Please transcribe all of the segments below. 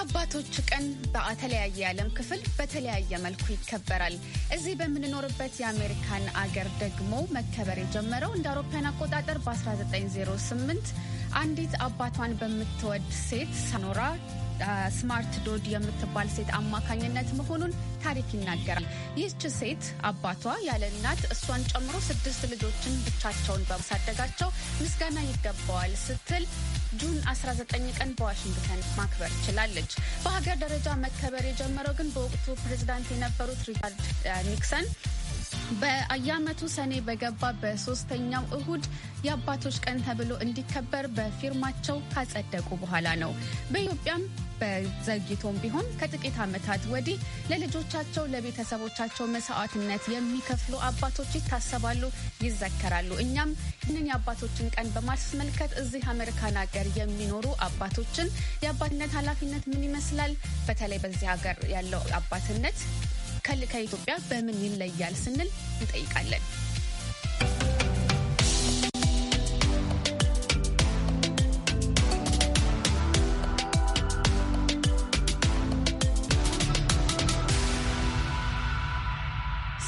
የአባቶች ቀን በተለያየ የዓለም ክፍል በተለያየ መልኩ ይከበራል። እዚህ በምንኖርበት የአሜሪካን አገር ደግሞ መከበር የጀመረው እንደ አውሮፓውያን አቆጣጠር በ1908 አንዲት አባቷን በምትወድ ሴት ሳኖራ ስማርት ዶድ የምትባል ሴት አማካኝነት መሆኑን ታሪክ ይናገራል። ይህች ሴት አባቷ ያለ እናት እሷን ጨምሮ ስድስት ልጆችን ብቻቸውን በማሳደጋቸው ምስጋና ይገባዋል ስትል ጁን 19 ቀን በዋሽንግተን ማክበር ችላለች። በሀገር ደረጃ መከበር የጀመረው ግን በወቅቱ ፕሬዚዳንት የነበሩት ሪቻርድ ኒክሰን በየአመቱ ሰኔ በገባ በሶስተኛው እሁድ የአባቶች ቀን ተብሎ እንዲከበር በፊርማቸው ካጸደቁ በኋላ ነው። በኢትዮጵያም በዘግይቶም ቢሆን ከጥቂት ዓመታት ወዲህ ለልጆቻቸው ለቤተሰቦቻቸው መስዋዕትነት የሚከፍሉ አባቶች ይታሰባሉ፣ ይዘከራሉ። እኛም ይህንን የአባቶችን ቀን በማስመልከት እዚህ አሜሪካን ሀገር የሚኖሩ አባቶችን የአባትነት ኃላፊነት ምን ይመስላል፣ በተለይ በዚህ ሀገር ያለው አባትነት ከኢትዮጵያ በምን ይለያል ስንል እንጠይቃለን።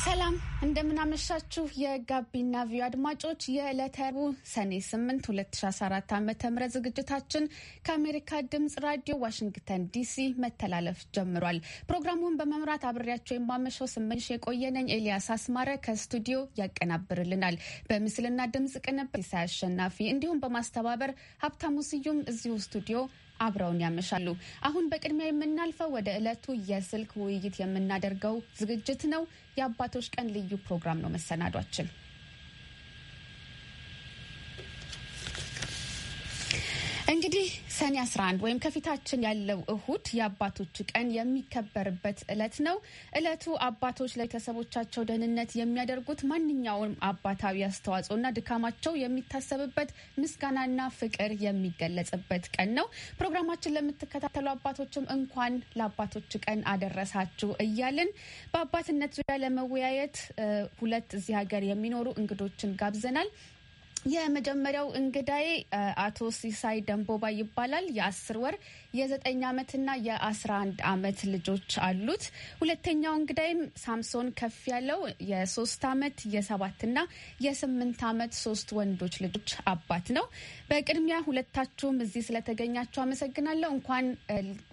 ሰላም እንደምናመሻችሁ የጋቢና ቪዮ አድማጮች የዕለተ ረቡዕ ሰኔ 8 2014 ዓ ም ዝግጅታችን ከአሜሪካ ድምፅ ራዲዮ ዋሽንግተን ዲሲ መተላለፍ ጀምሯል። ፕሮግራሙን በመምራት አብሬያቸው የማመሸው ስመኝሽ የቆየነኝ ኤልያስ አስማረ ከስቱዲዮ ያቀናብርልናል። በምስልና ድምፅ ቅንብር ሲሳይ አሸናፊ እንዲሁም በማስተባበር ሀብታሙ ስዩም እዚሁ ስቱዲዮ አብረውን ያመሻሉ። አሁን በቅድሚያ የምናልፈው ወደ ዕለቱ የስልክ ውይይት የምናደርገው ዝግጅት ነው። የአባቶች ቀን ልዩ ፕሮግራም ነው መሰናዷችን። እንግዲህ ሰኔ 11 ወይም ከፊታችን ያለው እሁድ የአባቶች ቀን የሚከበርበት እለት ነው። እለቱ አባቶች ለቤተሰቦቻቸው ደህንነት የሚያደርጉት ማንኛውም አባታዊ አስተዋጽኦና ድካማቸው የሚታሰብበት ምስጋናና ፍቅር የሚገለጽበት ቀን ነው። ፕሮግራማችን ለምትከታተሉ አባቶችም እንኳን ለአባቶች ቀን አደረሳችሁ እያልን በአባትነት ዙሪያ ለመወያየት ሁለት እዚህ ሀገር የሚኖሩ እንግዶችን ጋብዘናል። የመጀመሪያው እንግዳዬ አቶ ሲሳይ ደንቦባ ይባላል። የአስር ወር የዘጠኝ ዓመትና የአስራ አንድ ዓመት ልጆች አሉት። ሁለተኛው እንግዳይም ሳምሶን ከፍ ያለው የሶስት ዓመት የሰባትና የስምንት ዓመት ሶስት ወንዶች ልጆች አባት ነው። በቅድሚያ ሁለታችሁም እዚህ ስለተገኛችሁ አመሰግናለሁ። እንኳን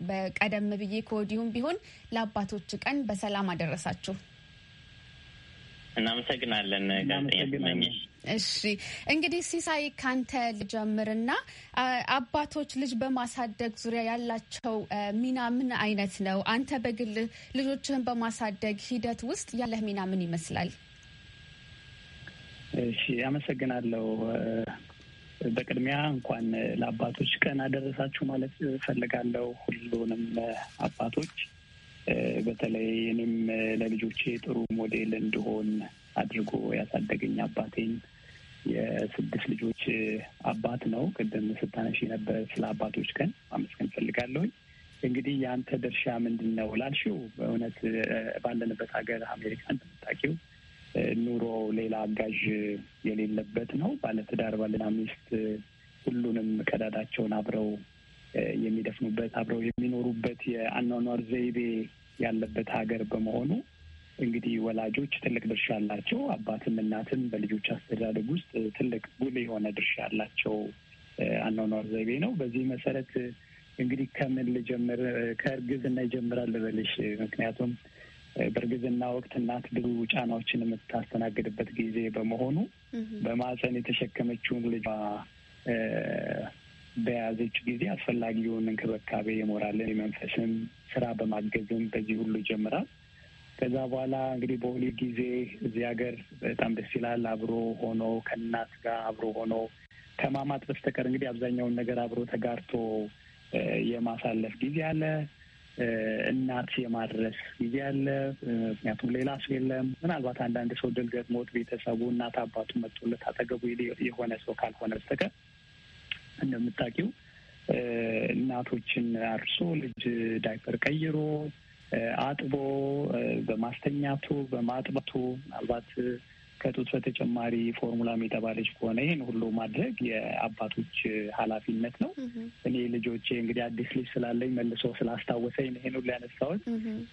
በቀደም ብዬ ከወዲሁም ቢሆን ለአባቶች ቀን በሰላም አደረሳችሁ። እናመሰግናለን ጋዜጠኛ እሺ እንግዲህ ሲሳይ ካንተ ልጀምርና አባቶች ልጅ በማሳደግ ዙሪያ ያላቸው ሚና ምን አይነት ነው? አንተ በግል ልጆችህን በማሳደግ ሂደት ውስጥ ያለህ ሚና ምን ይመስላል? እሺ አመሰግናለሁ። በቅድሚያ እንኳን ለአባቶች ቀን አደረሳችሁ ማለት እፈልጋለሁ። ሁሉንም አባቶች በተለይ እኔም ለልጆቼ ጥሩ ሞዴል እንድሆን አድርጎ ያሳደገኝ አባቴን የስድስት ልጆች አባት ነው። ቅድም ስታነሽ የነበረ ስለ አባቶች ቀን አመስገን ፈልጋለሁኝ። እንግዲህ የአንተ ድርሻ ምንድን ነው ላልሽው፣ በእውነት ባለንበት ሀገር አሜሪካ እንደምታውቂው ኑሮ ሌላ አጋዥ የሌለበት ነው። ባለትዳር ባልና ሚስት ሁሉንም ቀዳዳቸውን አብረው የሚደፍኑበት አብረው የሚኖሩበት የአኗኗር ዘይቤ ያለበት ሀገር በመሆኑ እንግዲህ ወላጆች ትልቅ ድርሻ አላቸው። አባትም እናትም በልጆች አስተዳደግ ውስጥ ትልቅ ጉልህ የሆነ ድርሻ ያላቸው አኗኗር ዘይቤ ነው። በዚህ መሰረት እንግዲህ ከምን ልጀምር? ከእርግዝና ይጀምራል ልበልሽ። ምክንያቱም በእርግዝና ወቅት እናት ብዙ ጫናዎችን የምታስተናግድበት ጊዜ በመሆኑ በማህፀን የተሸከመችውን ልጇ በያዘች ጊዜ አስፈላጊውን እንክብካቤ የሞራልን፣ የመንፈስም ስራ በማገዝም በዚህ ሁሉ ይጀምራል። ከዛ በኋላ እንግዲህ በሆሊውድ ጊዜ እዚህ ሀገር በጣም ደስ ይላል። አብሮ ሆኖ ከእናት ጋር አብሮ ሆኖ ከማማጥ በስተቀር እንግዲህ አብዛኛውን ነገር አብሮ ተጋርቶ የማሳለፍ ጊዜ አለ። እናት የማድረስ ጊዜ አለ። ምክንያቱም ሌላ ሰው የለም። ምናልባት አንዳንድ ሰው ድል ገጥሞት ቤተሰቡ እናት አባቱ መጥቶለት አጠገቡ የሆነ ሰው ካልሆነ በስተቀር እንደምታውቂው እናቶችን አርሶ ልጅ ዳይፐር ቀይሮ አጥቦ በማስተኛቱ በማጥባቱ ምናልባት ከጡት በተጨማሪ ፎርሙላ የተባለች ከሆነ ይህን ሁሉ ማድረግ የአባቶች ኃላፊነት ነው። እኔ ልጆቼ እንግዲህ አዲስ ልጅ ስላለኝ መልሶ ስላስታወሰኝ ይህን ሁሉ ያነሳሁት።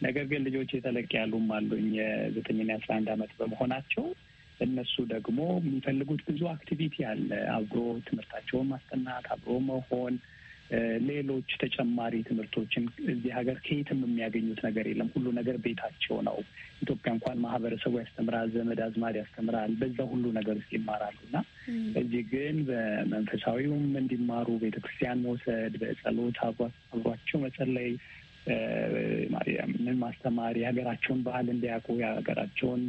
ነገር ግን ልጆቼ ተለቅ ያሉም አሉኝ የዘጠኝና አስራ አንድ ዓመት በመሆናቸው እነሱ ደግሞ የሚፈልጉት ብዙ አክቲቪቲ አለ። አብሮ ትምህርታቸውን ማስጠናት፣ አብሮ መሆን ሌሎች ተጨማሪ ትምህርቶችን እዚህ ሀገር ከየትም የሚያገኙት ነገር የለም። ሁሉ ነገር ቤታቸው ነው። ኢትዮጵያ እንኳን ማህበረሰቡ ያስተምራል፣ ዘመድ አዝማድ ያስተምራል። በዛ ሁሉ ነገር ውስጥ ይማራሉ እና እዚህ ግን በመንፈሳዊውም እንዲማሩ ቤተክርስቲያን መውሰድ፣ በጸሎት አብሯቸው መጸለይ ምን ማስተማር የሀገራቸውን ባህል እንዲያውቁ የሀገራቸውን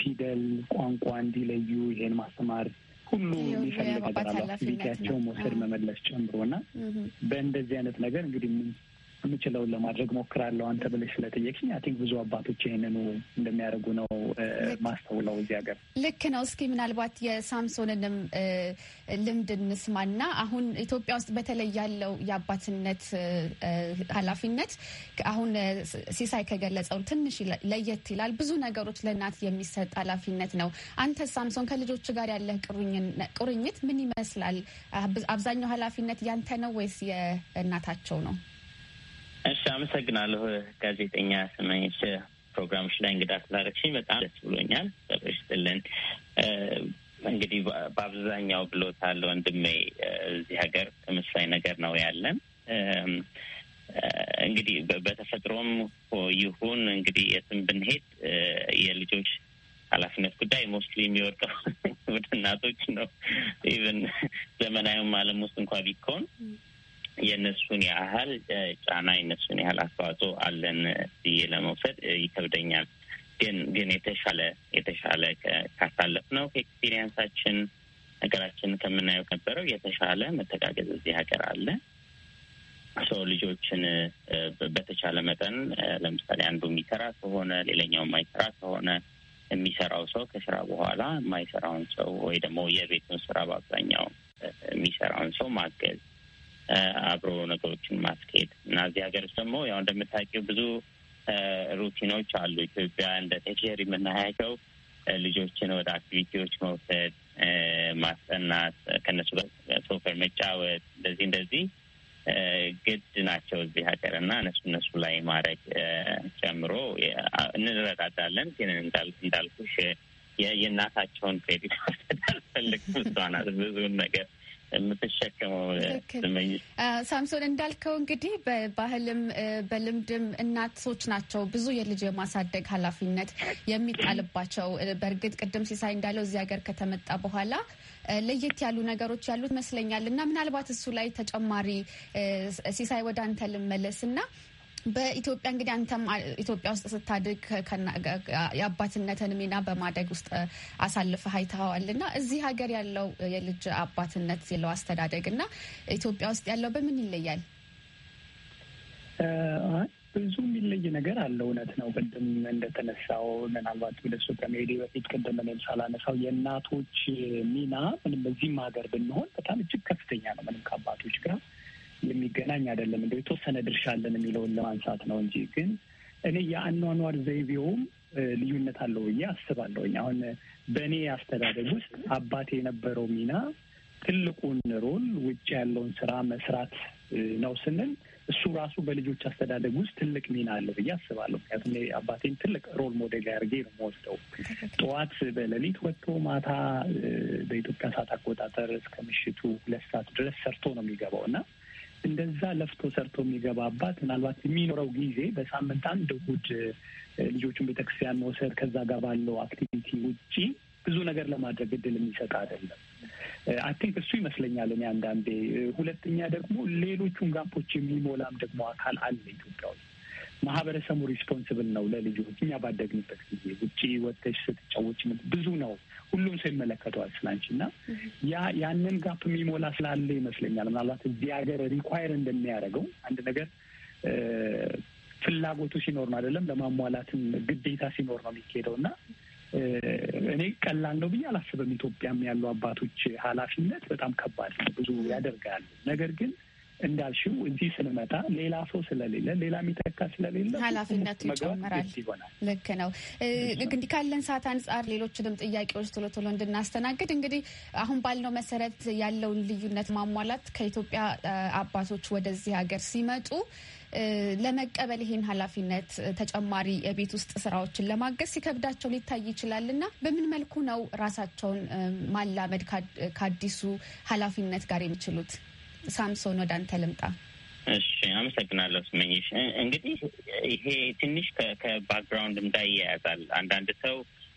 ፊደል ቋንቋ እንዲለዩ ይሄን ማስተማር ሁሉ ሊፈልግ ሊያቸው መውሰድ መመለስ ጨምሮና በእንደዚህ አይነት ነገር እንግዲህ የምችለውን ለማድረግ ሞክራለሁ። አንተ ብለሽ ስለጠየቅሽኝ አይ ቲንክ ብዙ አባቶች ይህንኑ እንደሚያደርጉ ነው ማስተውለው እዚህ ሀገር። ልክ ነው። እስኪ ምናልባት የሳምሶንንም ልምድ እንስማና አሁን ኢትዮጵያ ውስጥ በተለይ ያለው የአባትነት ኃላፊነት አሁን ሲሳይ ከገለጸው ትንሽ ለየት ይላል። ብዙ ነገሮች ለእናት የሚሰጥ ኃላፊነት ነው። አንተ ሳምሶን ከልጆች ጋር ያለህ ቁርኝት ምን ይመስላል? አብዛኛው ኃላፊነት ያንተ ነው ወይስ የእናታቸው ነው? እሺ፣ አመሰግናለሁ ጋዜጠኛ ስመኝ ፕሮግራሞች ላይ እንግዳ ስላደረግሽኝ በጣም ደስ ብሎኛል። ጠበሽትልን እንግዲህ በአብዛኛው ብሎታል ወንድሜ፣ እዚህ ሀገር ተመሳሳይ ነገር ነው ያለን። እንግዲህ በተፈጥሮም ይሁን እንግዲህ የትም ብንሄድ የልጆች ኃላፊነት ጉዳይ ሞስትሊ የሚወርቀው ወደ እናቶች ነው። ኢቨን ዘመናዊም ዓለም ውስጥ እንኳ ቢኮን የእነሱን ያህል ጫና የእነሱን ያህል አስተዋጽኦ አለን ብዬ ለመውሰድ ይከብደኛል። ግን ግን የተሻለ የተሻለ ካሳለፍ ነው ከኤክስፒሪየንሳችን ሀገራችን ከምናየው ነበረው የተሻለ መተጋገዝ እዚህ ሀገር አለ። ሰው ልጆችን በተቻለ መጠን ለምሳሌ አንዱ የሚሰራ ከሆነ ሌላኛው የማይሰራ ከሆነ የሚሰራው ሰው ከስራ በኋላ የማይሰራውን ሰው ወይ ደግሞ የቤቱን ስራ በአብዛኛው የሚሰራውን ሰው ማገዝ አብሮ ነገሮችን ማስኬድ እና እዚህ ሀገር ውስጥ ደግሞ ያው እንደምታውቂው ብዙ ሩቲኖች አሉ። ኢትዮጵያ እንደ ቴክር የምናያቸው ልጆችን ወደ አክቲቪቲዎች መውሰድ፣ ማስጠናት፣ ከነሱ ጋር ሶፈር መጫወት፣ እንደዚህ እንደዚህ ግድ ናቸው እዚህ ሀገር እና እነሱ እነሱ ላይ ማድረግ ጨምሮ እንረዳዳለን። ግን እንዳልኩሽ የእናታቸውን ክሬዲት ማስተዳል ፈልግ ብዙ ነገር የምትሸከመው ሳምሶን እንዳልከው እንግዲህ በባህልም በልምድም እናቶች ናቸው ብዙ የልጅ የማሳደግ ኃላፊነት የሚጣልባቸው። በእርግጥ ቅድም ሲሳይ እንዳለው እዚህ ሀገር ከተመጣ በኋላ ለየት ያሉ ነገሮች ያሉት ይመስለኛል እና ምናልባት እሱ ላይ ተጨማሪ ሲሳይ ወደ አንተ ልመለስ እና በኢትዮጵያ እንግዲህ አንተም ኢትዮጵያ ውስጥ ስታድግ የአባትነትን ሚና በማደግ ውስጥ አሳልፈ አይተኸዋል እና እዚህ ሀገር ያለው የልጅ አባትነት የለው አስተዳደግ እና ኢትዮጵያ ውስጥ ያለው በምን ይለያል? ብዙ የሚለይ ነገር አለ። እውነት ነው። ቅድም እንደተነሳው ምናልባት ወደ እሱ ከመሄዴ በፊት ቅድም እኔም ሳላነሳው የእናቶች ሚና ምንም በዚህም ሀገር ብንሆን በጣም እጅግ ከፍተኛ ነው ምንም ከአባቶች ጋር የሚገናኝ አይደለም። እንደ የተወሰነ ድርሻ አለን የሚለውን ለማንሳት ነው እንጂ ግን እኔ የአኗኗር ዘይቤውም ልዩነት አለው ብዬ አስባለሁኝ። አሁን በእኔ አስተዳደግ ውስጥ አባቴ የነበረው ሚና ትልቁን ሮል ውጭ ያለውን ስራ መስራት ነው ስንል እሱ ራሱ በልጆች አስተዳደግ ውስጥ ትልቅ ሚና አለው ብዬ አስባለሁ። ምክንያቱም አባቴን ትልቅ ሮል ሞዴል አድርጌ ነው የምወስደው። ጠዋት በሌሊት ወጥቶ ማታ በኢትዮጵያ ሰዓት አቆጣጠር እስከ ምሽቱ ሁለት ሰዓት ድረስ ሰርቶ ነው የሚገባው እና እንደዛ ለፍቶ ሰርቶ የሚገባባት ምናልባት የሚኖረው ጊዜ በሳምንት አንድ እሑድ ልጆቹን ቤተክርስቲያን መውሰድ ከዛ ጋር ባለው አክቲቪቲ ውጪ ብዙ ነገር ለማድረግ እድል የሚሰጥ አይደለም። አይ ቲንክ እሱ ይመስለኛል እኔ አንዳንዴ። ሁለተኛ ደግሞ ሌሎቹን ጋፖች የሚሞላም ደግሞ አካል አለ ኢትዮጵያ ውስጥ። ማህበረሰቡ ሪስፖንስብል ነው ለልጆች። እኛ ባደግንበት ጊዜ ውጭ ወጥተሽ ስትጫወች ብዙ ነው ሁሉም ሰው ይመለከተዋል ስላንቺ እና ያ ያንን ጋፕ የሚሞላ ስላለ ይመስለኛል ምናልባት እዚህ ሀገር ሪኳየር እንደሚያደርገው አንድ ነገር ፍላጎቱ ሲኖር ነው አይደለም ለማሟላትም ግዴታ ሲኖር ነው የሚካሄደው እና እኔ ቀላል ነው ብዬ አላስብም። ኢትዮጵያም ያሉ አባቶች ኃላፊነት በጣም ከባድ ነው፣ ብዙ ያደርጋሉ። ነገር ግን እንዳልሽው እዚህ ስንመጣ ሌላ ሰው ስለሌለ ሌላ የሚተካ ስለሌለ ኃላፊነቱ ይጨምራል። ልክ ነው። እንግዲህ ካለን ሰዓት አንጻር ሌሎችንም ጥያቄዎች ቶሎ ቶሎ እንድናስተናግድ እንግዲህ አሁን ባልነው መሰረት ያለውን ልዩነት ማሟላት ከኢትዮጵያ አባቶች ወደዚህ ሀገር ሲመጡ ለመቀበል ይህን ኃላፊነት ተጨማሪ የቤት ውስጥ ስራዎችን ለማገዝ ሲከብዳቸው ሊታይ ይችላል እና በምን መልኩ ነው ራሳቸውን ማላመድ ከአዲሱ ኃላፊነት ጋር የሚችሉት? ሳምሶን ወደ አንተ ልምጣ። እሺ አመሰግናለሁ ስመኝሽ። እንግዲህ ይሄ ትንሽ ከባክግራውንድም ጋር ይያያዛል። አንዳንድ ሰው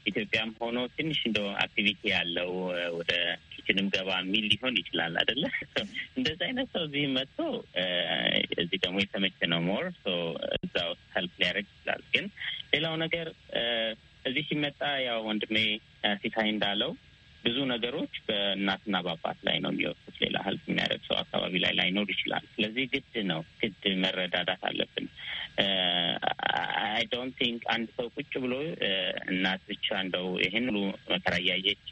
ኢትዮጵያም ሆኖ ትንሽ እንደ አክቲቪቲ ያለው ወደ ኪችንም ገባ የሚል ሊሆን ይችላል አይደለ? እንደዚ አይነት ሰው እዚህ መጥቶ እዚህ ደግሞ የተመቸ ነው ሞር እዛ ውስጥ ሀልፕ ሊያደርግ ይችላል። ግን ሌላው ነገር እዚህ ሲመጣ ያው ወንድሜ ሲታይ እንዳለው ብዙ ነገሮች በእናትና በአባት ላይ ነው የሚወጡት። ሌላ ህልፍ የሚያደርግ ሰው አካባቢ ላይ ላይኖር ይችላል። ስለዚህ ግድ ነው ግድ መረዳዳት አለብን። አይ ዶንት ቲንክ አንድ ሰው ቁጭ ብሎ እናት ብቻ እንደው ይህን ሁሉ መከራ እያየች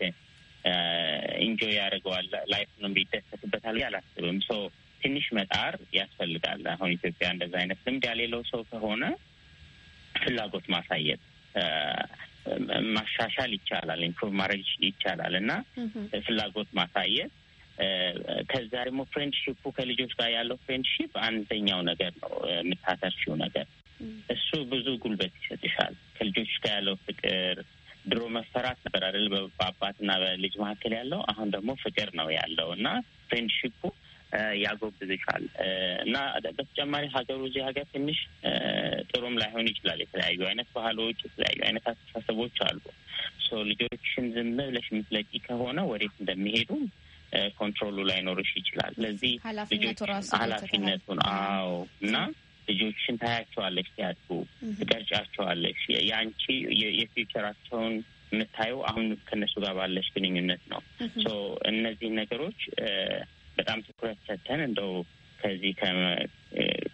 ኢንጆይ ያደርገዋል ላይፍ ነው የሚደሰትበታል አላስብም። ሶ ትንሽ መጣር ያስፈልጋል። አሁን ኢትዮጵያ እንደዛ አይነት ልምድ ያሌለው ሰው ከሆነ ፍላጎት ማሳየት ማሻሻል ይቻላል፣ ኢምፕሩቭ ማድረግ ይቻላል እና ፍላጎት ማሳየት ከዛ ደግሞ ፍሬንድሽፑ ከልጆች ጋር ያለው ፍሬንድሽፕ አንደኛው ነገር ነው። የምታተርፊው ነገር እሱ ብዙ ጉልበት ይሰጥሻል። ከልጆች ጋር ያለው ፍቅር ድሮ መፈራት ነበር አይደል? በአባትና በልጅ መካከል ያለው አሁን ደግሞ ፍቅር ነው ያለው እና ፍሬንድሽፑ ያጎብዝሻል እና በተጨማሪ ሀገሩ እዚህ ሀገር ትንሽ ጥሩም ላይሆን ይችላል። የተለያዩ አይነት ባህሎች፣ የተለያዩ አይነት አስተሳሰቦች አሉ። ሶ ልጆችን ዝም ብለሽ የምትለቂ ከሆነ ወዴት እንደሚሄዱ ኮንትሮሉ ላይኖርሽ ይችላል። ስለዚህ ልጆች አዎ እና ልጆችን ታያቸዋለሽ፣ ሲያድጉ ትቀርጫቸዋለሽ። የአንቺ የፊውቸራቸውን የምታየው አሁን ከእነሱ ጋር ባለሽ ግንኙነት ነው። ሶ እነዚህ ነገሮች በጣም ትኩረት ሰጥተን እንደው ከዚህ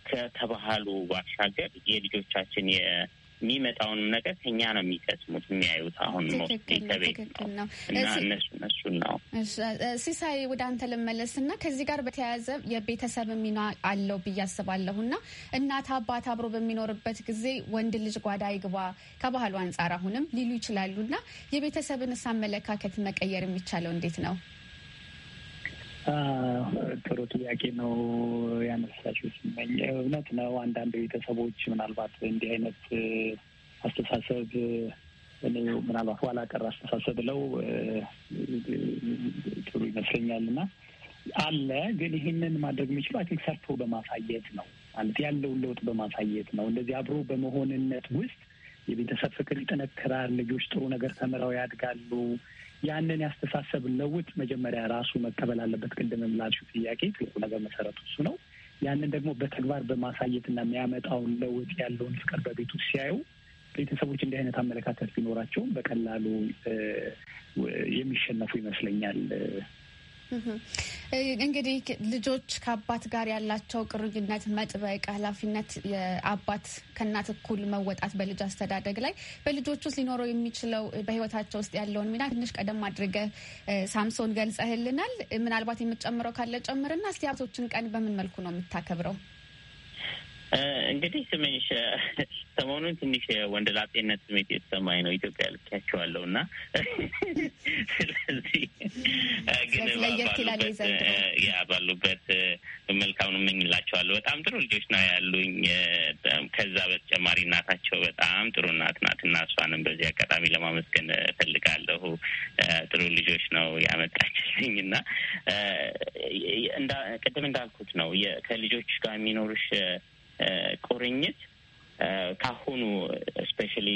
ከተባህሉ ባሻገር የልጆቻችን የሚመጣውን ነገር ከኛ ነው የሚቀስሙት የሚያዩት። አሁን ከቤት ነው እና እነሱ እነሱን ነው። ሲሳይ ወደ አንተ ልመለስ እና ከዚህ ጋር በተያያዘ የቤተሰብ ሚና አለው ብዬ አስባለሁ እና እናት አባት አብሮ በሚኖርበት ጊዜ ወንድ ልጅ ጓዳ ይግባ ከባህሉ አንጻር አሁንም ሊሉ ይችላሉ እና የቤተሰብን አመለካከት መቀየር የሚቻለው እንዴት ነው? ጥሩ ጥያቄ ነው ያነሳሽው ስመኝ። እውነት ነው። አንዳንድ ቤተሰቦች ምናልባት እንዲህ አይነት አስተሳሰብ እኔ ምናልባት ኋላ ቀር አስተሳሰብ ብለው ጥሩ ይመስለኛል እና አለ ግን ይህንን ማድረግ የሚችሉ አይ ቲንክ ሰርቶ በማሳየት ነው ማለት ያለውን ለውጥ በማሳየት ነው። እንደዚህ አብሮ በመሆንነት ውስጥ የቤተሰብ ፍቅር ይጠነክራል። ልጆች ጥሩ ነገር ተምረው ያድጋሉ። ያንን ያስተሳሰብ ለውጥ መጀመሪያ ራሱ መቀበል አለበት። ቅድምም ጥያቄ ትልቁ ነገር መሰረቱ እሱ ነው። ያንን ደግሞ በተግባር በማሳየትና የሚያመጣውን ለውጥ ያለውን ፍቅር በቤቱ ሲያዩ ቤተሰቦች እንዲህ አይነት አመለካከት ቢኖራቸውም በቀላሉ የሚሸነፉ ይመስለኛል። እንግዲህ ልጆች ከአባት ጋር ያላቸው ቅርኝነት መጥበቅ ኃላፊነት የአባት ከእናት እኩል መወጣት በልጅ አስተዳደግ ላይ በልጆች ውስጥ ሊኖረው የሚችለው በህይወታቸው ውስጥ ያለውን ሚና ትንሽ ቀደም አድርገ ሳምሶን ገልጸህልናል። ምናልባት የምትጨምረው ካለ ጨምርና እስቲ አባቶችን ቀን በምን መልኩ ነው የምታከብረው? እንግዲህ ትንሽ ሰሞኑን ትንሽ ላጤነት ስሜት የተሰማኝ ነው። ኢትዮጵያ ልኪያቸዋለሁ እና ስለዚህ ግን ያ ባሉበት መልካም እመኝላቸዋለሁ። በጣም ጥሩ ልጆች ነው ያሉኝ። ከዛ በተጨማሪ እናታቸው በጣም ጥሩ እናት ናት እና እሷንም በዚህ አጋጣሚ ለማመስገን እፈልጋለሁ። ጥሩ ልጆች ነው ያመጣችልኝ እና ቅድም እንዳልኩት ነው ከልጆች ጋር የሚኖሩሽ ቁርኝት ካሁኑ ስፔሻሊ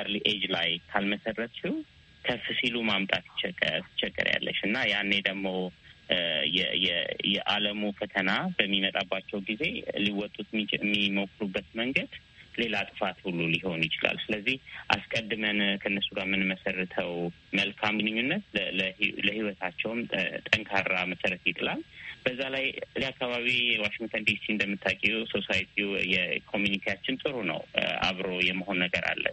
ኤርሊ ኤጅ ላይ ካልመሰረትሽው ከፍ ሲሉ ማምጣት ትቸገር ያለሽ እና ያኔ ደግሞ የዓለሙ ፈተና በሚመጣባቸው ጊዜ ሊወጡት የሚሞክሩበት መንገድ ሌላ ጥፋት ሁሉ ሊሆን ይችላል። ስለዚህ አስቀድመን ከእነሱ ጋር የምንመሰርተው መልካም ግንኙነት ለህይወታቸውም ጠንካራ መሰረት ይጥላል። በዛ ላይ ለአካባቢ ዋሽንግተን ዲሲ እንደምታውቂው ሶሳይቲው የኮሚኒቲያችን ጥሩ ነው። አብሮ የመሆን ነገር አለ።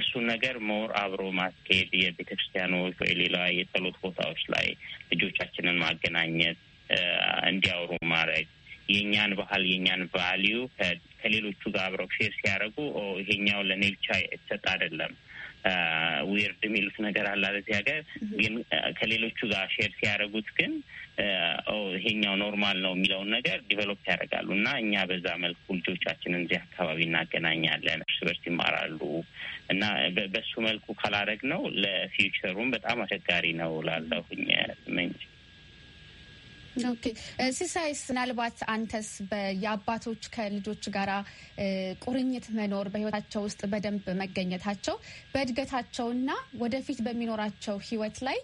እሱን ነገር ሞር አብሮ ማስኬድ የቤተክርስቲያኖች ወይ ሌላ የጸሎት ቦታዎች ላይ ልጆቻችንን ማገናኘት፣ እንዲያወሩ ማድረግ የእኛን ባህል የእኛን ቫሊዩ ከሌሎቹ ጋር አብረው ሼር ሲያደርጉ ይሄኛው ለኔ ብቻ የተሰጠ አይደለም ዊርድ የሚሉት ነገር አለ በዚህ ሀገር። ግን ከሌሎቹ ጋር ሼር ሲያደርጉት ግን ይሄኛው ኖርማል ነው የሚለውን ነገር ዲቨሎፕ ያደርጋሉ እና እኛ በዛ መልኩ ልጆቻችን እዚህ አካባቢ እናገናኛለን፣ እርስ በርስ ይማራሉ እና በሱ መልኩ ካላደረግ ነው ለፊውቸሩም በጣም አስቸጋሪ ነው ላለሁኝ መንጭ ኦኬ ሲሳይስ፣ ምናልባት አንተስ የአባቶች ከልጆች ጋራ ቁርኝት መኖር በህይወታቸው ውስጥ በደንብ መገኘታቸው በእድገታቸውና ወደፊት በሚኖራቸው ህይወት ላይ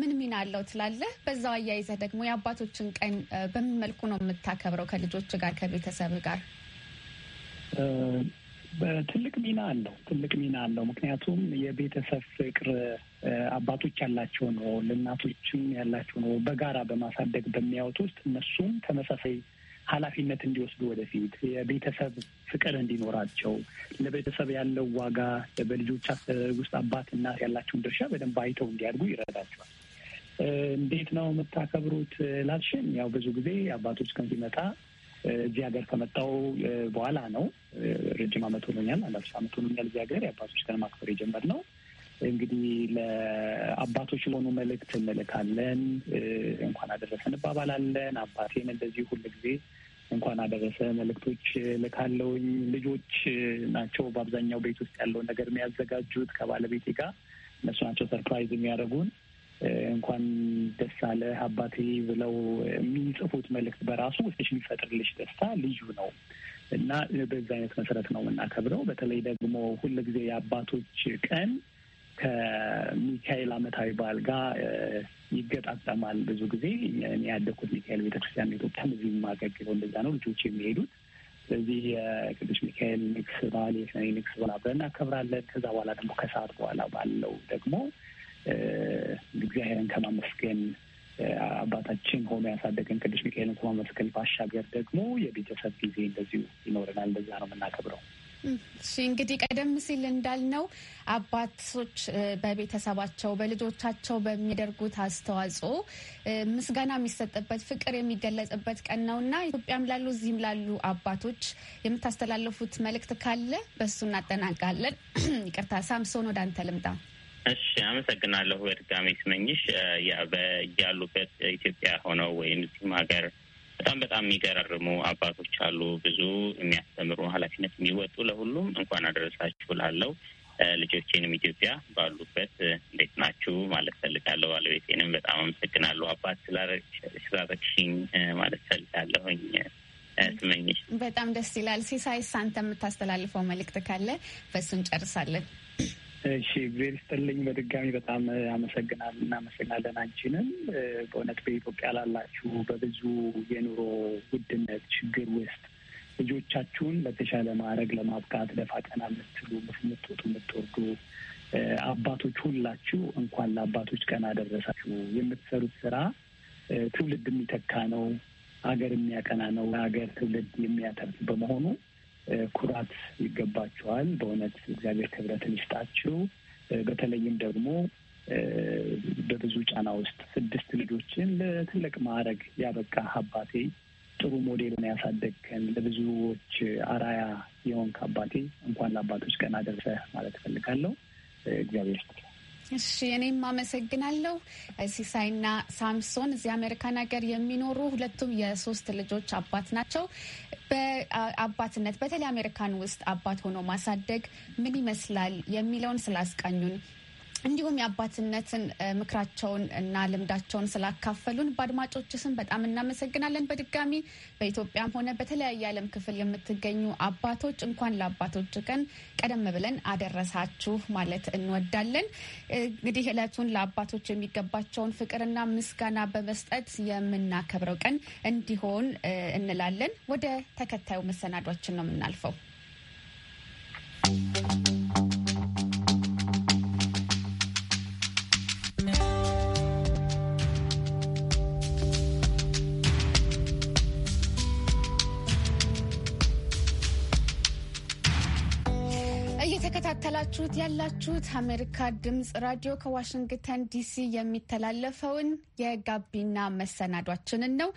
ምን ሚና አለው ትላለህ? በዛው አያይዘህ ደግሞ የአባቶችን ቀን በምን መልኩ ነው የምታከብረው ከልጆች ጋር ከቤተሰብ ጋር? ትልቅ ሚና አለው። ትልቅ ሚና አለው። ምክንያቱም የቤተሰብ ፍቅር አባቶች ያላቸው ነው፣ እናቶችም ያላቸው ነው። በጋራ በማሳደግ በሚያወጡ ውስጥ እነሱም ተመሳሳይ ኃላፊነት እንዲወስዱ ወደፊት የቤተሰብ ፍቅር እንዲኖራቸው ለቤተሰብ ያለው ዋጋ በልጆች አስተዳደግ ውስጥ አባት እናት ያላቸውን ድርሻ በደንብ አይተው እንዲያድጉ ይረዳቸዋል። እንዴት ነው የምታከብሩት ላልሽን፣ ያው ብዙ ጊዜ አባቶች ቀን ሲመጣ እዚህ ሀገር ከመጣው በኋላ ነው። ረጅም አመት ሆኖኛል። አንድ አስር አመት ሆኖኛል እዚህ ሀገር የአባቶች ቀን ማክበር የጀመርነው። እንግዲህ ለአባቶች ለሆኑ መልእክት እንልካለን። እንኳን አደረሰን እንባባላለን። አባቴን እንደዚህ ሁል ጊዜ እንኳን አደረሰ መልእክቶች ልካለውኝ። ልጆች ናቸው በአብዛኛው ቤት ውስጥ ያለውን ነገር የሚያዘጋጁት ከባለቤቴ ጋር እነሱ ናቸው ሰርፕራይዝ የሚያደርጉን። እንኳን ደስ አለ አባቴ ብለው የሚጽፉት መልእክት በራሱ ውስጥሽ የሚፈጥርልሽ ደስታ ልዩ ነው እና በዛ አይነት መሰረት ነው የምናከብረው። በተለይ ደግሞ ጊዜ የአባቶች ቀን ከሚካኤል ዓመታዊ በዓል ጋር ይገጣጠማል። ብዙ ጊዜ እኔ ሚካኤል ቤተክርስቲያን ኢትዮጵያ እዚህ የማገግበው እንደዛ ነው ልጆች የሚሄዱት። ስለዚህ የቅዱስ ሚካኤል ንግስ በዓል፣ የሰኔ ንግስ በዓል አብረን እናከብራለን። ከዛ በኋላ ደግሞ ከሰዓት በኋላ ባለው ደግሞ እግዚአብሔርን ከማመስገን አባታችን ሆኖ ያሳደገን ቅዱስ ሚካኤልን ከማመስገን ባሻገር ደግሞ የቤተሰብ ጊዜ እንደዚሁ ይኖረናል። እንደዛ ነው የምናከብረው። እሺ እንግዲህ ቀደም ሲል እንዳልነው አባቶች በቤተሰባቸው በልጆቻቸው በሚያደርጉት አስተዋጽኦ ምስጋና የሚሰጥበት ፍቅር የሚገለጽበት ቀን ነው እና ኢትዮጵያም ላሉ እዚህም ላሉ አባቶች የምታስተላለፉት መልእክት ካለ በእሱ እናጠናቃለን። ይቅርታ ሳምሶን፣ ወደ አንተ ልምጣ። እሺ አመሰግናለሁ። በድጋሚ ስመኝሽ በያሉበት ኢትዮጵያ ሆነው ወይም እዚህም ሀገር በጣም በጣም የሚገረርሙ አባቶች አሉ፣ ብዙ የሚያስተምሩ ኃላፊነት የሚወጡ ለሁሉም እንኳን አደረሳችሁ ላለው ልጆቼንም ኢትዮጵያ ባሉበት እንዴት ናችሁ ማለት ፈልጋለሁ። ባለቤቴንም በጣም አመሰግናለሁ አባት ስላረግሽኝ ማለት ፈልጋለሁኝ። ስመኝሽ በጣም ደስ ይላል። ሲሳይስ አንተ የምታስተላልፈው መልእክት ካለ በሱ እንጨርሳለን። እሺ እግዜር ይስጥልኝ። በድጋሚ በጣም አመሰግናል እናመሰግናለን አንቺንም። በእውነት በኢትዮጵያ ላላችሁ በብዙ የኑሮ ውድነት ችግር ውስጥ ልጆቻችሁን ለተሻለ ማዕረግ ለማብቃት ደፋ ቀና የምትሉ የምትወጡ የምትወርዱ አባቶች ሁላችሁ እንኳን ለአባቶች ቀን አደረሳችሁ። የምትሰሩት ስራ ትውልድ የሚተካ ነው፣ ሀገር የሚያቀና ነው፣ ሀገር ትውልድ የሚያተርፍ በመሆኑ ኩራት ይገባቸዋል። በእውነት እግዚአብሔር ክብረትን ይስጣችሁ። በተለይም ደግሞ በብዙ ጫና ውስጥ ስድስት ልጆችን ለትልቅ ማዕረግ ያበቃ አባቴ፣ ጥሩ ሞዴልን ያሳደግከን፣ ለብዙዎች አራያ የሆንክ አባቴ እንኳን ለአባቶች ቀን አደረሰ ማለት እፈልጋለሁ። እግዚአብሔር ይስጥ። እሺ እኔም አመሰግናለሁ ሲሳይና ሳምሶን። እዚህ አሜሪካን ሀገር የሚኖሩ ሁለቱም የሶስት ልጆች አባት ናቸው። በአባትነት በተለይ አሜሪካን ውስጥ አባት ሆኖ ማሳደግ ምን ይመስላል የሚለውን ስላስቃኙን እንዲሁም የአባትነትን ምክራቸውን እና ልምዳቸውን ስላካፈሉን በአድማጮች ስም በጣም እናመሰግናለን። በድጋሚ በኢትዮጵያም ሆነ በተለያየ ዓለም ክፍል የምትገኙ አባቶች እንኳን ለአባቶች ቀን ቀደም ብለን አደረሳችሁ ማለት እንወዳለን። እንግዲህ እለቱን ለአባቶች የሚገባቸውን ፍቅርና ምስጋና በመስጠት የምናከብረው ቀን እንዲሆን እንላለን። ወደ ተከታዩ መሰናዷችን ነው የምናልፈው። እያደመጣችሁት ያላችሁት አሜሪካ ድምፅ ራዲዮ ከዋሽንግተን ዲሲ የሚተላለፈውን የጋቢና መሰናዷችንን ነው።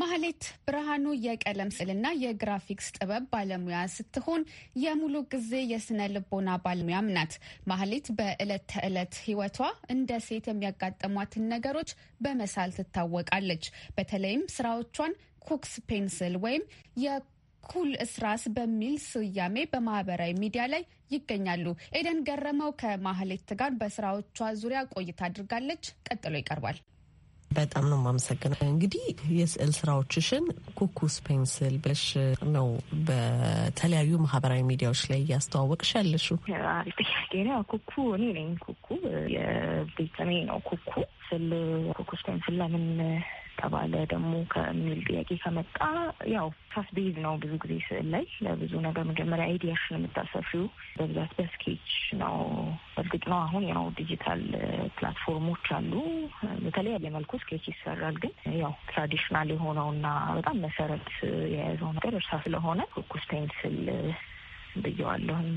ማህሌት ብርሃኑ የቀለም ስዕልና የግራፊክስ ጥበብ ባለሙያ ስትሆን የሙሉ ጊዜ የስነ ልቦና ባለሙያም ናት። ማህሌት በዕለት ተዕለት ህይወቷ እንደ ሴት የሚያጋጥሟትን ነገሮች በመሳል ትታወቃለች። በተለይም ስራዎቿን ኩክስ ፔንስል ወይም የኩል እስራስ በሚል ስያሜ በማህበራዊ ሚዲያ ላይ ይገኛሉ። ኤደን ገረመው ከማህሌት ጋር በስራዎቿ ዙሪያ ቆይታ አድርጋለች። ቀጥሎ ይቀርባል። በጣም ነው የማመሰግነው። እንግዲህ የስዕል ስራዎችሽን ኩኩስ ፔንስል ብለሽ ነው በተለያዩ ማህበራዊ ሚዲያዎች ላይ እያስተዋወቅሽ ያለሽው። አሪፍ ጥያቄ ነው። ኩኩ እኔ ነኝ። ኩኩ የቤተሜ ነው። ኩኩ ስል ኩኩስ ፔንስል ለምን ከተባለ ደግሞ ከሚል ጥያቄ ከመጣ ያው ፋስ ቤዝ ነው። ብዙ ጊዜ ስዕል ላይ ለብዙ ነገር መጀመሪያ ነው የምታሰፊው በብዛት በስኬች ነው። እርግጥ ነው አሁን ያው ዲጂታል ፕላትፎርሞች አሉ። በተለያየ መልኩ ስኬች ይሰራል። ግን ያው ትራዲሽናል የሆነውና በጣም መሰረት የያዘው ነገር እርሳ ስለሆነ ኩኩስ ፔንስል ብየዋለሁኝ።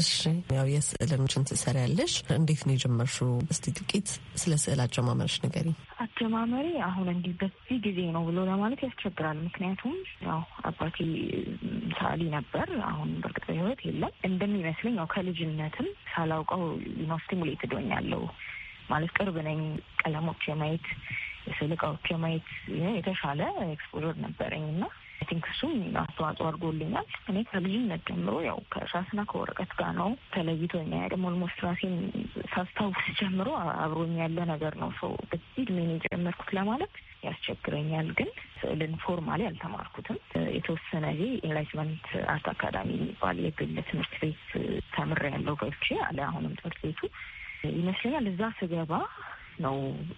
እሺ ያው የስዕሎችን ትሰሪያለሽ፣ እንዴት ነው የጀመርሽው? እስቲ ጥቂት ስለ ስዕል አጀማመርሽ ንገሪ። አጀማመሪ አሁን እንዲህ በዚህ ጊዜ ነው ብሎ ለማለት ያስቸግራል። ምክንያቱም ያው አባቴ ሳሊ ነበር። አሁን በእርግጥ በህይወት የለም። እንደሚመስለኝ ያው ከልጅነትም ሳላውቀው ነው ስቲሙሌት እዶኛለሁ ማለት ቅርብ ነኝ። ቀለሞች የማየት የስዕል እቃዎች የማየት የተሻለ ኤክስፖዘር ነበረኝ እና ቲንክ እሱም አስተዋጽኦ አድርጎልኛል። እኔ ከልጅነት ጀምሮ ያው ከእርሳስና ከወረቀት ጋር ነው ተለይቶኛ ደግሞ ኦልሞስት ራሴን ሳስታውስ ጀምሮ አብሮኝ ያለ ነገር ነው። ሰው በዚህ ድሜን የጨመርኩት ለማለት ያስቸግረኛል። ግን ስዕልን ፎርማሊ አልተማርኩትም። የተወሰነ ጊዜ ኢንላይትመንት አርት አካዳሚ የሚባል የግል ትምህርት ቤት ተምሬያለሁ ገብቼ አለ አሁንም ትምህርት ቤቱ ይመስለኛል እዛ ስገባ ነው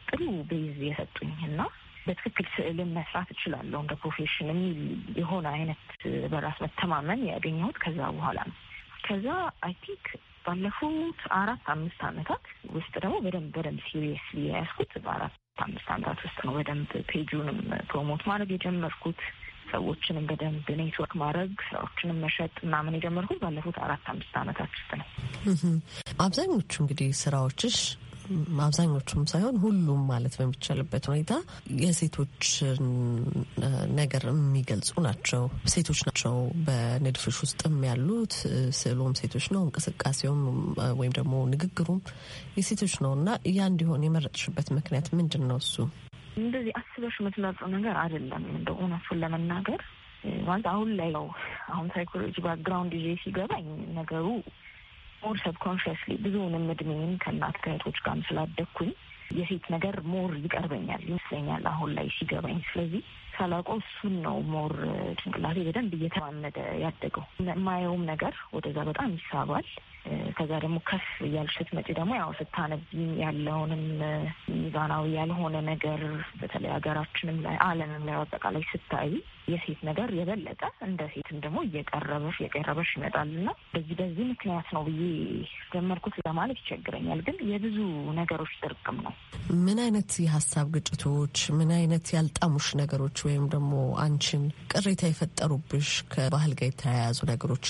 ጥሩ ቤዝ የሰጡኝ እና በትክክል ስዕልን መስራት እችላለሁ እንደ ፕሮፌሽን የሚል የሆነ አይነት በራስ መተማመን ያገኘሁት ከዛ በኋላ ነው። ከዛ አይ ቲንክ ባለፉት አራት አምስት አመታት ውስጥ ደግሞ በደንብ በደንብ ሲሪየስ የያዝኩት በአራት አምስት አመታት ውስጥ ነው። በደንብ ፔጁንም ፕሮሞት ማድረግ የጀመርኩት ሰዎችንም በደንብ ኔትወርክ ማድረግ ስራዎችንም መሸጥ ምናምን የጀመርኩት ባለፉት አራት አምስት አመታት ውስጥ ነው። አብዛኞቹ እንግዲህ ስራዎችሽ አብዛኞቹም ሳይሆን ሁሉም ማለት በሚቻልበት ሁኔታ የሴቶችን ነገር የሚገልጹ ናቸው። ሴቶች ናቸው በንድፍሽ ውስጥም ያሉት። ስዕሉም ሴቶች ነው፣ እንቅስቃሴውም ወይም ደግሞ ንግግሩም የሴቶች ነው እና ያ እንዲሆን የመረጥሽበት ምክንያት ምንድን ነው? እሱ እንደዚህ አስበሽ የምትመርጠው ነገር አይደለም። እንደ እውነቱን ለመናገር ማለት አሁን ላይ ነው አሁን ሳይኮሎጂ ባክግራውንድ ይዤ ሲገባኝ ነገሩ ሞር ሰብኮንሽስሊ ብዙውንም እድሜን ከእናት ከእህቶች ጋርም ስላደግኩኝ የሴት ነገር ሞር ይቀርበኛል ይመስለኛል አሁን ላይ ሲገባኝ። ስለዚህ ሳላውቀው እሱን ነው ሞር ጭንቅላቴ በደንብ እየተማመደ ያደገው። የማየውም ነገር ወደዛ በጣም ይሳባል። ከዛ ደግሞ ከፍ እያልሽ ስትመጪ ደግሞ ያው ስታነቢም ያለውንም ሚዛናዊ ያልሆነ ነገር በተለይ ሀገራችንም ላይ ዓለምም ላይ አጠቃላይ ስታይ የሴት ነገር የበለጠ እንደ ሴትም ደግሞ እየቀረበሽ እየቀረበሽ ይመጣል እና በዚህ በዚህ ምክንያት ነው ብዬ ጀመርኩት ለማለት ይቸግረኛል። ግን የብዙ ነገሮች ጥርቅም ነው። ምን አይነት የሀሳብ ግጭቶች፣ ምን አይነት ያልጣሙሽ ነገሮች ወይም ደግሞ አንቺን ቅሬታ የፈጠሩብሽ ከባህል ጋር የተያያዙ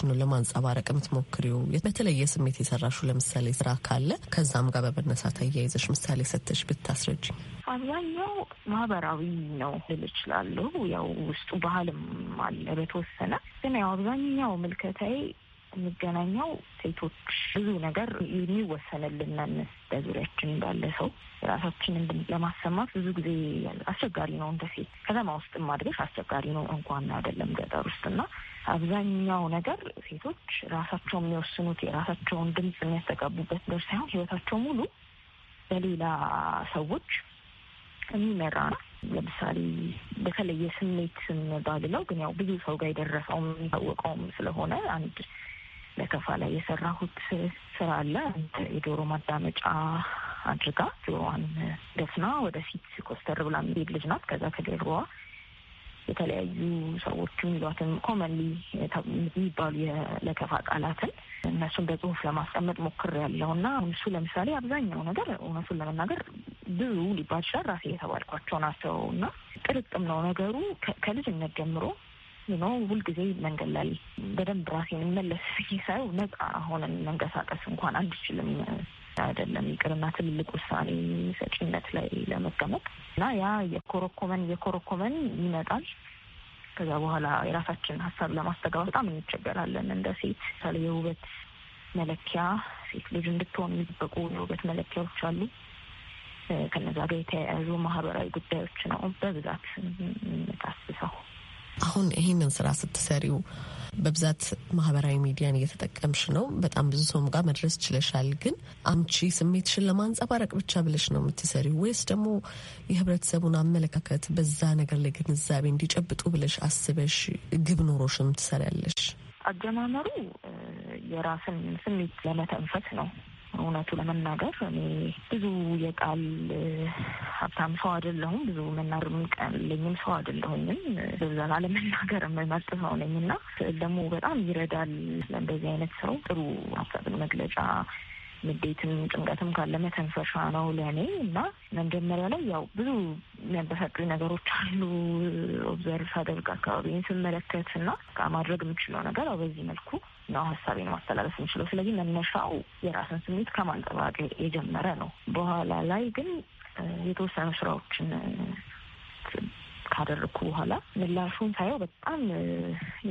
ነው ለማንጸባረቅ የምትሞክሪው በተለየ ስሜት የሰራሹ ለምሳሌ ስራ ካለ ከዛም ጋር በመነሳት አያይዘሽ ምሳሌ ሰተሽ ብታ ብታስረጅ? አብዛኛው ማህበራዊ ነው ልል እችላለሁ። ያው ውስጡ ባህልም አለ በተወሰነ ግን ያው አብዛኛው ምልከታዬ የሚገናኘው ሴቶች ብዙ ነገር የሚወሰንልን በዙሪያችን እንዳለ ሰው ራሳችንን ለማሰማት ብዙ ጊዜ አስቸጋሪ ነው። እንደ ሴት ከተማ ውስጥ ማድረሽ አስቸጋሪ ነው እንኳን አይደለም ገጠር ውስጥና አብዛኛው ነገር ሴቶች ራሳቸው የሚወስኑት የራሳቸውን ድምፅ የሚያስተጋቡበት ነገር ሳይሆን ህይወታቸው ሙሉ በሌላ ሰዎች የሚመራ ነው። ለምሳሌ በተለየ ስሜት ባልለው ግን ያው ብዙ ሰው ጋር የደረሰውም የሚታወቀውም ስለሆነ አንድ ለከፋ ላይ የሰራሁት ስራ አለ። የጆሮ ማዳመጫ አድርጋ ጆሮዋን ደፍና ወደፊት ኮስተር ብላ የሚሄድ ልጅ ናት። ከዛ ከጀርባዋ የተለያዩ ሰዎቹ የሚሏትን ኮመንሊ የሚባሉ የለከፋ ቃላትን እነሱን በጽሁፍ ለማስቀመጥ ያለው እና እሱ ለምሳሌ አብዛኛው ነገር እውነቱን ለመናገር ብዙ ሊባል ይችላል ራሴ የተባልኳቸው ናቸው እና ቅርጥም ነው ነገሩ ከልጅነት ጀምሮ ነው ሁልጊዜ መንገድ ላይ በደንብ ራሴን መለስ ሳየው ነጻ ሆነን መንቀሳቀስ እንኳን አልችልም አይደለም ይቅርና ትልልቅ ውሳኔ ሰጪነት ላይ ለመቀመጥ እና ያ የኮረኮመን የኮረኮመን ይመጣል። ከዛ በኋላ የራሳችንን ሀሳብ ለማስተጋባ በጣም እንቸገራለን። እንደ ሴት ሳለ የውበት መለኪያ ሴት ልጅ እንድትሆን የሚጠበቁ የውበት መለኪያዎች አሉ። ከነዛ ጋር የተያያዙ ማህበራዊ ጉዳዮች ነው በብዛት የምታስሰው። አሁን ይህንን ስራ ስትሰሪው በብዛት ማህበራዊ ሚዲያን እየተጠቀምሽ ነው። በጣም ብዙ ሰውም ጋር መድረስ ችለሻል። ግን አምቺ ስሜትሽን ለማንጸባረቅ ብቻ ብለሽ ነው የምትሰሪው ወይስ ደግሞ የህብረተሰቡን አመለካከት በዛ ነገር ላይ ግንዛቤ እንዲጨብጡ ብለሽ አስበሽ ግብ ኖሮሽ የምትሰሪያለሽ? አጀማመሩ የራስን ስሜት ለመተንፈስ ነው እውነቱ ለመናገር እኔ ብዙ የቃል ሀብታም ሰው አይደለሁም። ብዙ መናገር የሚቀልኝም ሰው አይደለሁኝም። በብዛት አለመናገር የምመርጥ ሰው ነኝ እና ስዕል ደግሞ በጣም ይረዳል። ለእንደዚህ አይነት ሰው ጥሩ ሀሳብን መግለጫ ንዴትም ጭንቀትም ካለ መተንፈሻ ነው ለእኔ እና መጀመሪያ ላይ ያው ብዙ የሚያበሳጩኝ ነገሮች አሉ። የእርሻ ደብቅ አካባቢን ስመለከት እና ማድረግ የምችለው ነገር በዚህ መልኩ ነው ሀሳቤን ማስተላለፍ የምችለው። ስለዚህ መነሻው የራስን ስሜት ከማንጸባረቅ የጀመረ ነው። በኋላ ላይ ግን የተወሰኑ ስራዎችን ካደረግኩ በኋላ ምላሹን ሳየው በጣም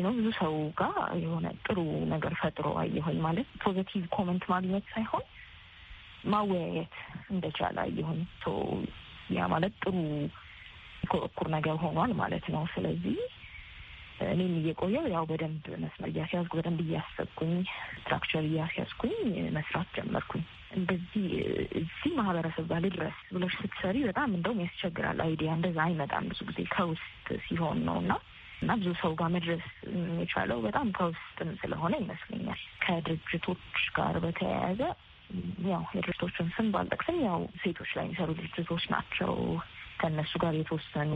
ነው ብዙ ሰው ጋር የሆነ ጥሩ ነገር ፈጥሮ አየሆኝ። ማለት ፖዘቲቭ ኮመንት ማግኘት ሳይሆን ማወያየት እንደቻለ አየሆኝ። ያ ማለት ጥሩ እኩር ነገር ሆኗል ማለት ነው። ስለዚህ እኔም እየቆየው ያው በደንብ መስመር እያስያዝኩ በደንብ እያሰብኩኝ ስትራክቸር እያስያዝኩኝ መስራት ጀመርኩኝ። እንደዚህ እዚህ ማህበረሰብ ጋር ልድረስ ብለሽ ስትሰሪ በጣም እንደውም ያስቸግራል። አይዲያ እንደዛ አይመጣም ብዙ ጊዜ ከውስጥ ሲሆን ነው እና እና ብዙ ሰው ጋር መድረስ የቻለው በጣም ከውስጥም ስለሆነ ይመስለኛል። ከድርጅቶች ጋር በተያያዘ ያው የድርጅቶችን ስም ባልጠቅስም ያው ሴቶች ላይ የሚሰሩ ድርጅቶች ናቸው። ከእነሱ ጋር የተወሰኑ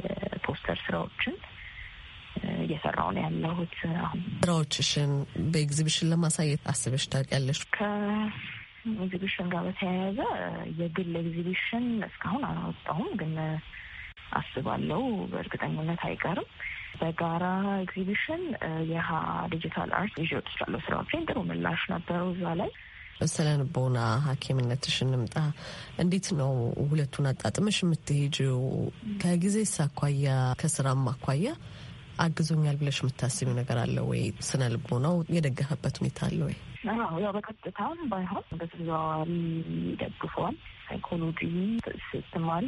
የፖስተር ስራዎችን እየሰራው ነው ያለሁት። አሁን ስራዎችሽን በኤግዚቢሽን ለማሳየት አስበሽ ታውቂያለሽ? ከኤግዚቢሽን ጋር በተያያዘ የግል ኤግዚቢሽን እስካሁን አላወጣሁም፣ ግን አስባለሁ። በእርግጠኝነት አይቀርም። በጋራ ኤግዚቢሽን የሀ ዲጂታል አርት ይዤ ወጥቻለሁ ስራዎችን። ጥሩ ምላሽ ነበረው እዛ ላይ ስለ ልቦና ሐኪምነትሽ እንምጣ። እንዴት ነው ሁለቱን አጣጥመሽ የምትሄጂው? ከጊዜ ሳኳያ ከስራም አኳያ አግዞኛል ብለሽ የምታስቢው ነገር አለ ወይ? ስነ ልቦናው የደገፈበት ሁኔታ አለ ወይ? ያው በቀጥታም ባይሆን በተዘዋዋሪ ይደግፈዋል። ሳይኮሎጂ ስትማሪ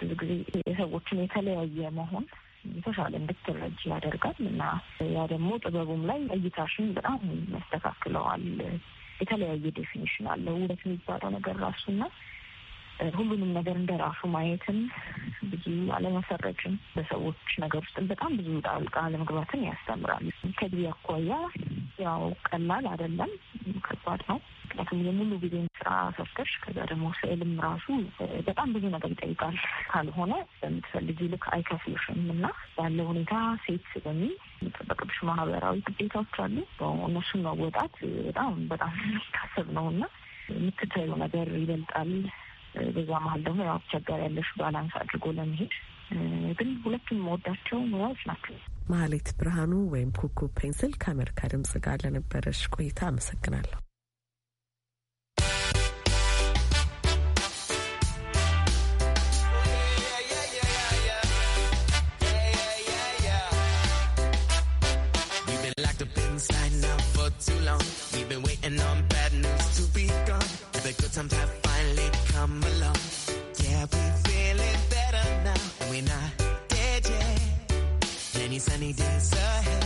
ብዙ ጊዜ የሰዎችን የተለያየ መሆን የተሻለ እንድትረጅ ያደርጋል እና ያ ደግሞ ጥበቡም ላይ እይታሽን በጣም ያስተካክለዋል። የተለያየ ዴፊኒሽን አለ ውበት የሚባለው ነገር ራሱና ሁሉንም ነገር እንደ ራሱ ማየትን ብዙ አለመፈረጅን፣ በሰዎች ነገር ውስጥም በጣም ብዙ ጣልቃ አለመግባትን ያስተምራል። ከጊዜ አኳያ ያው ቀላል አይደለም፣ ከባድ ነው። ምክንያቱም የሙሉ ጊዜ ስራ ሰርተሽ ከዛ ደግሞ ስዕልም ራሱ በጣም ብዙ ነገር ይጠይቃል። ካልሆነ በምትፈልጊ ልክ አይከፍልሽም እና ያለ ሁኔታ ሴት ስለሚ የሚጠበቅብሽ ማህበራዊ ግዴታዎች አሉ። እነሱን መወጣት በጣም በጣም የሚታሰብ ነው እና የምትታዩ ነገር ይበልጣል በዛ መሀል ደግሞ ያው አስቸጋሪ ያለሽ ባላንስ አድርጎ ለመሄድ ግን ሁለቱም መወዳቸው ሙያዎች ናቸው። ማህሌት ብርሃኑ ወይም ኩኩ ፔንስል ከአሜሪካ ድምጽ ጋር ለነበረች ቆይታ አመሰግናለሁ። finally come along. Yeah, we feel it better now. We're not dead yet. Many sunny days ahead.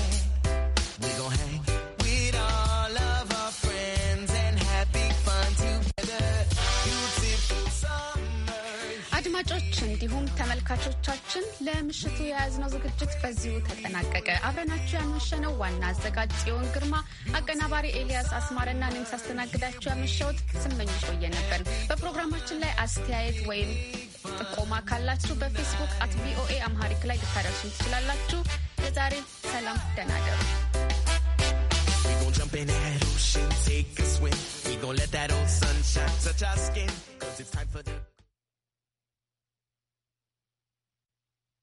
አድማጮች እንዲሁም ተመልካቾቻችን ለምሽቱ የያዝነው ዝግጅት በዚሁ ተጠናቀቀ። አብረናችሁ ያመሸነው ዋና አዘጋጅ ጽዮን ግርማ፣ አቀናባሪ ኤልያስ አስማረና እኔም ሳስተናግዳችሁ ያመሸሁት ስመኝሽ ቆየ ነበር። በፕሮግራማችን ላይ አስተያየት ወይም ጥቆማ ካላችሁ በፌስቡክ አት ቪኦኤ አምሃሪክ ላይ ልታደርሱን ትችላላችሁ። የዛሬ ሰላም ደናደሩ We gon' let that old sunshine touch our skin. Cause it's time for the